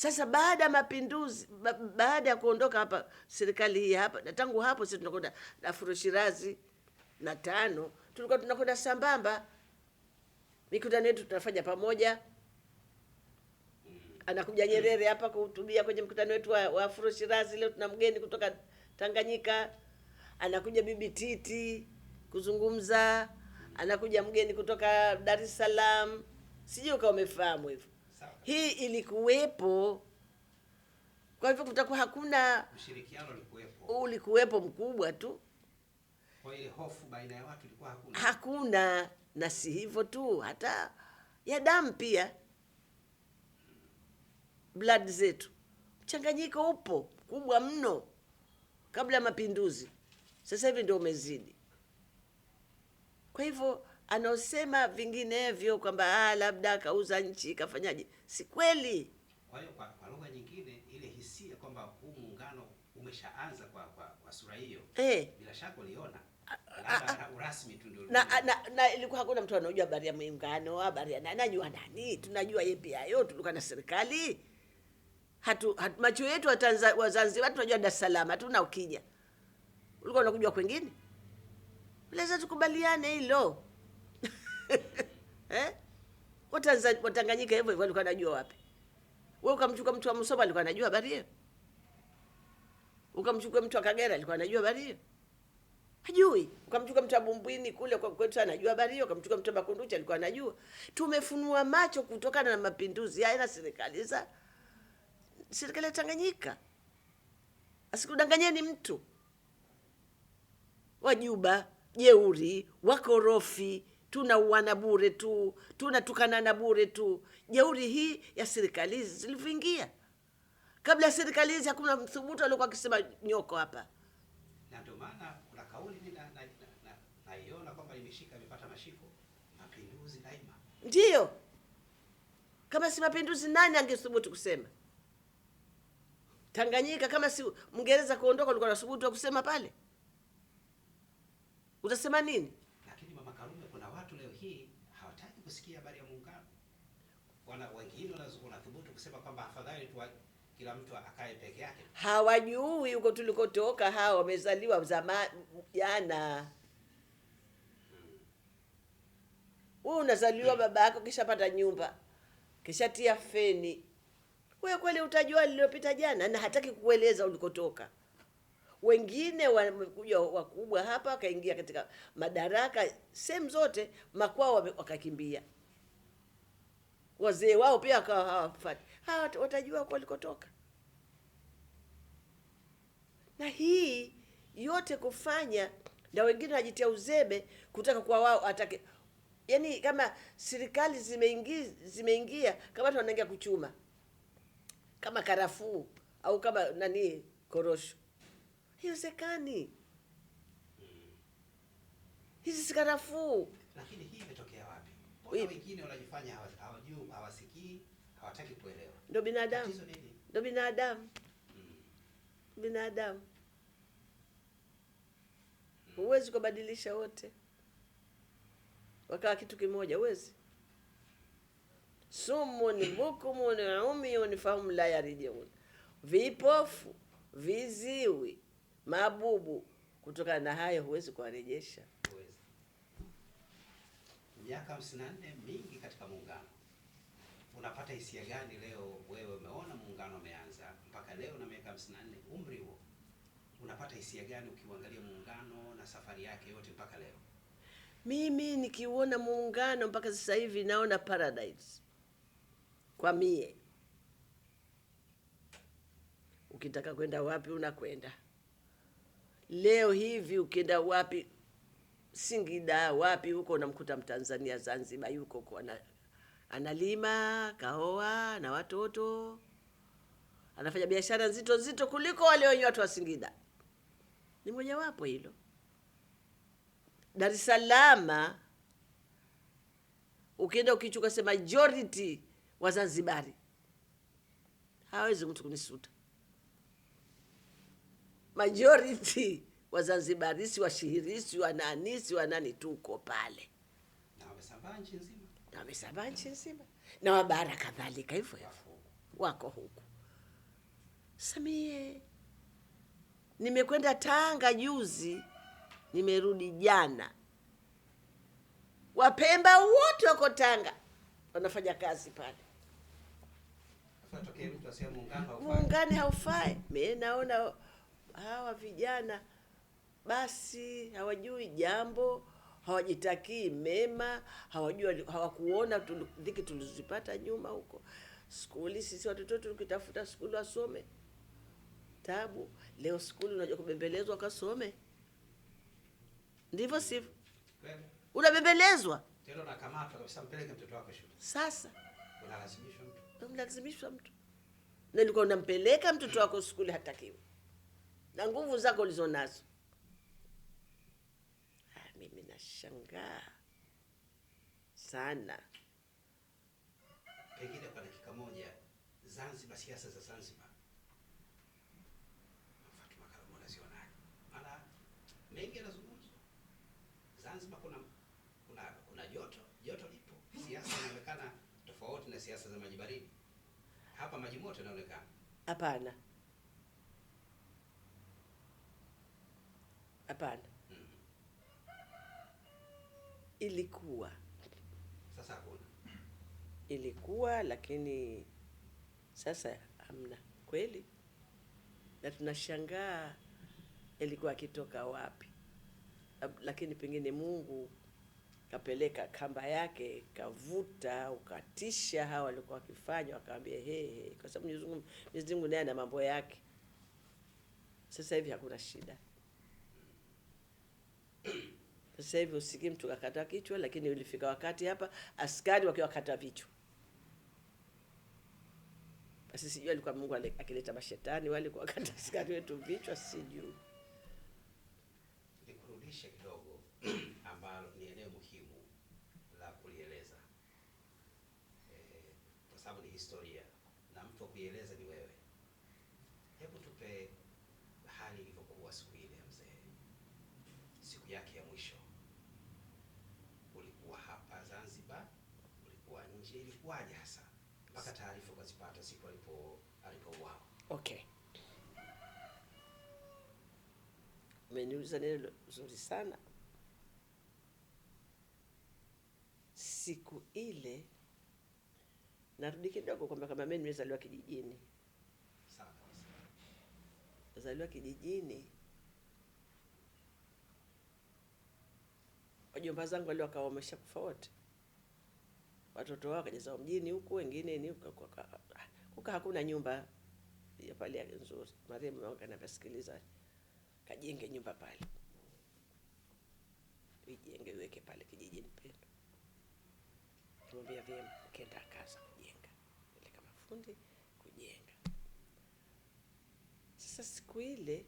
Sasa baada ya mapinduzi ba, baada ya kuondoka hapa serikali hii hapa, na tangu hapo sisi tunakwenda Afro Shirazi na tano, tulikuwa tunakwenda sambamba, mikutano yetu tunafanya pamoja. Anakuja Nyerere hapa kuhutubia kwenye mkutano wetu wa, wa Afro Shirazi. Leo tuna mgeni kutoka Tanganyika, anakuja Bibi Titi kuzungumza, anakuja mgeni kutoka Dar es Salaam. Sijui kama umefahamu hivyo hii ilikuwepo. Kwa hivyo kutakuwa hakuna ushirikiano, ulikuwepo, ulikuwepo mkubwa tu. Kwa ile hofu baina ya watu ilikuwa hakuna, hakuna. Na si hivyo tu, hata ya damu pia, blood zetu, mchanganyiko upo mkubwa mno kabla ya mapinduzi. Sasa hivi ndio umezidi, kwa hivyo anaosema vinginevyo kwamba ah, labda akauza nchi kafanyaje, si kweli. Kwa hiyo kwa, kwa lugha nyingine ile hisia kwamba huu muungano umeshaanza kwa, kwa, kwa sura hiyo eh, Bila shaka uliona na, na, na ilikuwa hakuna mtu anajua habari ya muungano, habari ya nani, anajua nani? Tunajua yepiayo tulikuwa na serikali hatu, hatu macho yetu wa wa Tanzania Zanzibar tunajua Dar es Salaam, na Ukija, ulikuwa unakuja kwengine. Lazima tukubaliane hilo. eh? Watanzania Watanganyika hivyo hivyo walikuwa wanajua wapi? Wewe ukamchukua mtu wa Musoma alikuwa anajua habari hiyo? Ukamchukua mtu wa Kagera alikuwa anajua habari hiyo? Hajui. Ukamchukua mtu wa Bumbwini kule kwa kwetu anajua habari hiyo, ukamchukua mtu wa Makunduchi alikuwa anajua. Tumefunua macho kutokana na mapinduzi haya na serikali za serikali ya Tanganyika. Asikudanganyeni mtu. Wajuba, jeuri, wakorofi, tunauana bure tu, tunatukanana bure tu. Jeuri hii ya serikali hizi zilivyoingia. Kabla ya serikali hizi hakuna mthubutu aliokuwa akisema nyoko hapa, na ndio maana kuna kauli naiona kwamba imeshika imepata mashiko, mapinduzi daima. Ndiyo, kama si mapinduzi, nani angethubutu kusema Tanganyika? Kama si Mngereza kuondoka, ulikuwa na thubutu wa kusema pale? Utasema nini? kusikia habari ya muungano. Wana wengine wanathubutu kusema kwamba afadhali tu kila mtu akae peke yake. Hawajui huko tulikotoka, hao wamezaliwa zamani, jana. Wewe hmm, unazaliwa hmm, baba yako kishapata nyumba kishatia feni, wewe kweli utajua lililopita jana? Na hataki kukueleza ulikotoka wengine wamekuja wakubwa hapa wakaingia katika madaraka sehemu zote, makwao wakakimbia, wazee wao pia wakawa hawafati hawa watajua walikotoka. Na hii yote kufanya na wengine wanajitia uzebe kutaka kwa wao atake, yani kama serikali zimeingia zimeingia kama watu wanaingia kuchuma kama karafuu au kama nani korosho Hiwezekani, hizi si sikarafuu. Lakini hii imetokea wapi? Mbona wengine wanajifanya hawajui, hawasikii, hawataki kuelewa? Ndio binadamu, ndio binadamu, mm. binadamu. Huwezi kubadilisha wote wakawa kitu kimoja, huwezi sumun bukumun umyun fahum la yarjiun, vipofu viziwi mabubu. Kutokana na hayo huwezi kuwarejesha. Miaka hamsini na nne mingi katika muungano, unapata hisia gani leo? Wewe umeona muungano umeanza mpaka leo na miaka hamsini na nne umri huo, unapata hisia gani ukiuangalia muungano na safari yake yote mpaka leo? Mimi nikiuona muungano mpaka sasa hivi naona paradise kwa mie. Ukitaka kwenda wapi unakwenda. Leo hivi ukienda wapi Singida wapi huko unamkuta Mtanzania Zanzibar yuko kwa na, analima kaoa na watoto anafanya biashara nzito nzito kuliko wale wenye watu wa Singida. Ni mojawapo hilo. Dar es Salaam ukienda ukichuka sema majority wa Zanzibari hawezi mtu kunisuta majority Wazanzibarisi, Washihirisi, Wananisi, wanani tuko pale na Wasambaa nchi nzima na Wabara kadhalika, hivyo hivyo wako huku. Samie, nimekwenda Tanga juzi, nimerudi jana. Wapemba wote wako Tanga wanafanya kazi pale. Muungane haufai, mimi naona hawa vijana basi hawajui jambo, hawajitakii mema, hawajui, hawakuona dhiki tulizozipata nyuma huko skuli. Sisi watoto wetu tukitafuta skuli wasome, tabu. Leo skuli unajua kubembelezwa, kasome, ndivyo sivyo? Unabembelezwa tena, unakamata kabisa, mpeleke mtoto wako shule. Sasa unalazimishwa mtu, unalazimishwa mtu, na nilikuwa unampeleka mtoto wako skuli, hatakiwi na nguvu zako ulizonazo. Ah, mimi nashangaa sana. Pengine kwa dakika moja, Zanzibar, siasa za Zanzibar mengi yanazungumzwa Zanzibar. Kuna kuna kuna joto joto lipo, siasa inaonekana tofauti na siasa za maji baridi. Hapa maji moto inaonekana hapana. Hapana, ilikuwa sasa hakuna. Ilikuwa lakini sasa hamna kweli, na tunashangaa ilikuwa akitoka wapi, lakini pengine Mungu kapeleka kamba yake kavuta, ukatisha hawa walikuwa wakifanya, wakawambia hehe, kwa sababu Mwenyezi Mungu naye ana mambo yake. Sasa hivi hakuna shida. Sasa hivi usikii mtu kakata kichwa, lakini ulifika wakati hapa askari wakiwakata vichwa. Basi sijui alikuwa Mungu akileta mashetani wale kuwakata askari wetu vichwa, sijui. yake ya mwisho. Ulikuwa hapa Zanzibar, ulikuwa nje, ilikuwaje hasa mpaka taarifa ukazipata siku alipo alipouawa? Okay, umeniuza neno zuri sana. Siku ile narudi kidogo kwamba kama mimi nimezaliwa kijijini, sawa, nimezaliwa kijijini wajomba zangu wale wakawa wameshakufa wote, watoto wao wakaja mjini huku, wengine ni kuka, hakuna nyumba ya pale nzuri. Marehemu wangu ananisikiliza, kajenge nyumba pale, ijenge iweke pale kijijini. Pendo mwambia vyema, kenda kaza kujenga ile mafundi kujenga. Sasa siku ile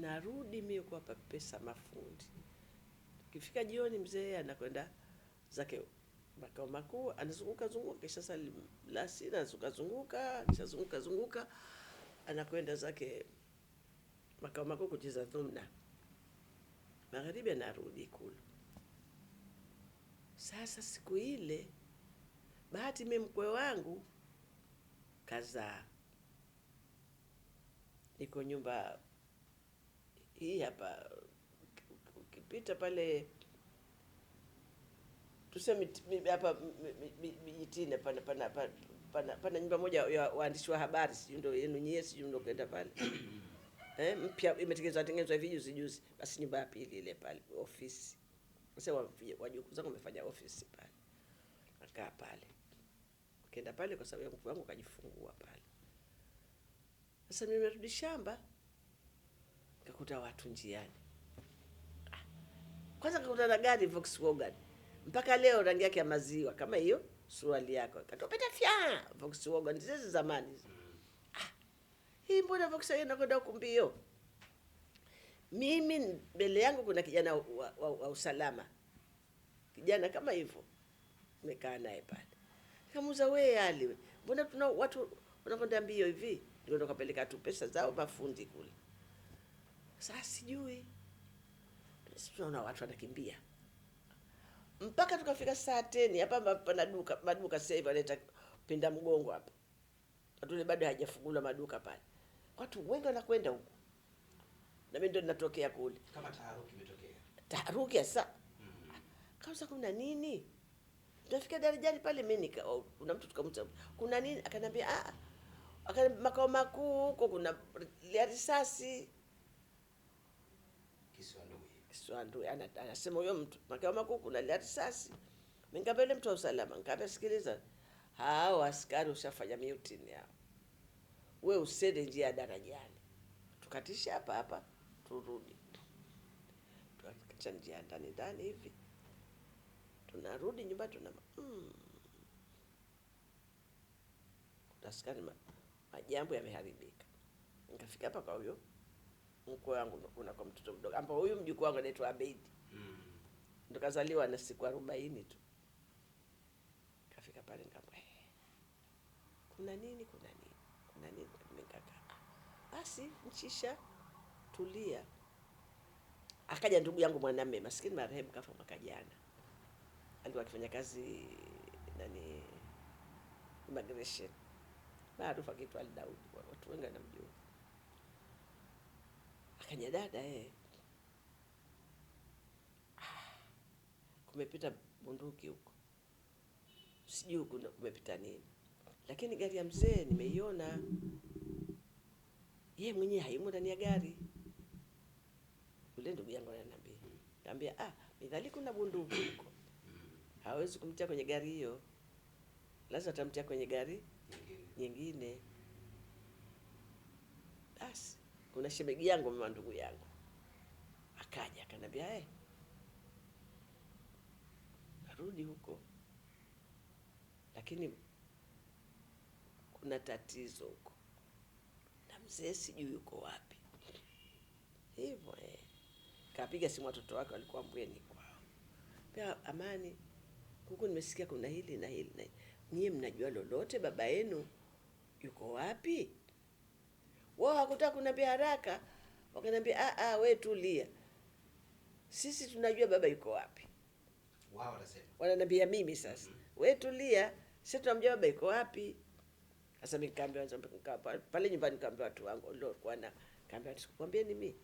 narudi mimi kuwapa pesa mafundi. kifika jioni, mzee anakwenda zake makao makuu, anazunguka zunguka, kisha sali lasina, anazunguka zunguka, kisha zunguka zunguka, anakwenda zake makao makuu kucheza dhumna. Magharibi anarudi kulu Sasa siku ile bahati mimi mkwe wangu kazaa, niko nyumba hii hapa ukipita pale tuseme hapa Mijitina pana pana pana, pana, nyumba moja ya waandishi wa habari, sijui ndio yenu nyie, sijui ndio kwenda pale eh, mpya imetengenezwa tengenezwa hivi juzi juzi. Basi nyumba ya pili ile pale ofisi, nasema wajukuu zangu wamefanya ofisi pale, akaa pale kenda pale, kwa sababu ya mkuu wangu kajifungua pale. Sasa mimi narudi shamba kakuta watu njiani. Ah. Kwanza kakuta na gari Volkswagen, mpaka leo rangi yake ya maziwa kama hiyo suruali yako, katopeta fya Volkswagen zizi zamani. Mm. Ah, hii mbona Volkswagen inakwenda huku mbio? Mimi mbele yangu kuna kijana wa, wa, wa, usalama, kijana kama hivyo, nimekaa naye pale, kamuza wewe ali, mbona tuna watu wanakwenda mbio hivi? Ndio ndo kapeleka tu pesa zao mafundi kule. Sasa sijui siona watu wanakimbia mpaka tukafika saa teni hapa pana duka maduka sasa hivi wanaita pinda mgongo hapa atule bado hajafungula maduka pale, watu wengi wanakwenda huko, na mimi ndo ninatokea kule, kama taharuki imetokea taharuki sasa mm -hmm. Kauza kuna nini? Tunafika darajani pale, mimi nika oh, kuna mtu tukamta kuna nini, akaniambia ah, akaniambia makao makuu huko kuna risasi Kiswandui anasema huyo mtu makao makuu kuna risasi. Nikaambia yule mtu wa usalama, nikaambia sikiliza, hao askari ushafanya mutiny yao we usende njia ya darajani, tukatishe hapa hapa turudi. Tukakatisha njia ndani ndani hivi, tunarudi nyumbani, tuna mm. majambo yameharibika. Nikafika hapa kwa huyo mkwe wangu kwa mtoto mdogo, ambao huyu mjukuu wangu anaitwa Abedi mm. ndo kazaliwa na siku arobaini tu. Kafika pale nikamwambia eh, kuna nini, kuna nini, kuna nini? Nikakaa basi, mchisha tulia. Akaja ndugu yangu mwanamume maskini marehemu, kafa mwaka jana, alikuwa akifanya kazi nani, immigration, maarufu akiitwa Aldaudi, watu wengi wanamjua Akaja dada eh. Ah, kumepita bunduki huko, sijui kumepita nini, lakini gari ya mzee nimeiona, ye mwenyewe haimo ndani ya gari. Ule ndugu yangu ananiambia kaambia, ah, midhali kuna bunduki huko, hawezi kumtia kwenye gari hiyo, lazima atamtia kwenye gari nyingine basi kuna shemeji yangu mama ndugu yangu akaja akaniambia eh, narudi huko, lakini kuna tatizo huko na mzee sijui yuko wapi. Hivyo eh, kapiga simu watoto wake walikuwa Mbweni kwao, pia Amani, huku nimesikia kuna hili na hili na hili, nyie mnajua lolote, baba yenu yuko wapi? wao hakutaka kuniambia haraka, wakaniambia ah, a, ah, wewe tulia, sisi tunajua baba yuko wapi. Wao wanasema, wananiambia mimi sasa, mm -hmm. wewe tulia, sisi tunamjua baba yuko wapi. Sasa nikaambia pale nyumbani, nikaambia watu wangu ndio kwa na kaambia, sikukwambia ni mimi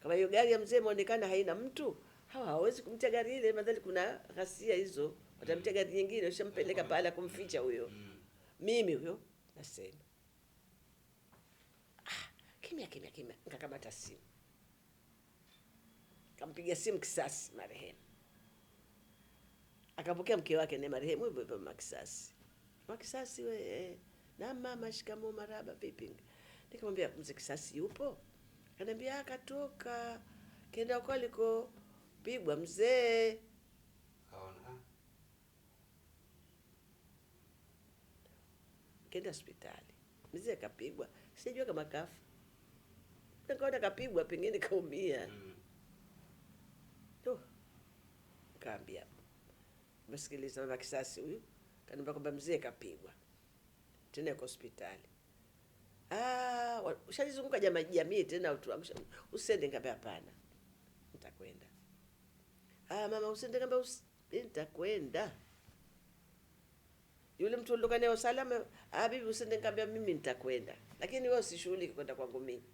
kama hiyo gari ya mzee imeonekana haina mtu, hawa hawawezi kumtia gari ile, madhali kuna ghasia hizo, watamtia mm. gari nyingine, ushampeleka pahala kumficha huyo. Mm. Mimi huyo nasema kimya kimya kimya, nikakamata simu, kampiga simu Kisasi marehemu, akapokea mke wake ni marehemu hivyo hivyo, Kisasi, mama Kisasi we eh, na mama, shikamoo, maraba, vipi? Nikamwambia mzee Kisasi yupo? Kaniambia akatoka ah, kenda uko alikopigwa mzee. Kaona kenda hospitali mzee akapigwa, sijua kama kafa Nikaona kapigwa pengine kaumia. Mm. Tu. Kaambia. Msikiliza namba kisasi huyu. Kaniambia kwamba mzee kapigwa. Tena yuko hospitali. Ah, ushalizunguka jamii jamii tena utuamsha. Usende ngapi hapana. Nitakwenda. Ah, mama usende ngapi us... nitakwenda. Yule mtu ulioka naye usalama, ah bibi usende ngapi mimi nitakwenda. Lakini wewe usishughulike kwenda kwangu mimi.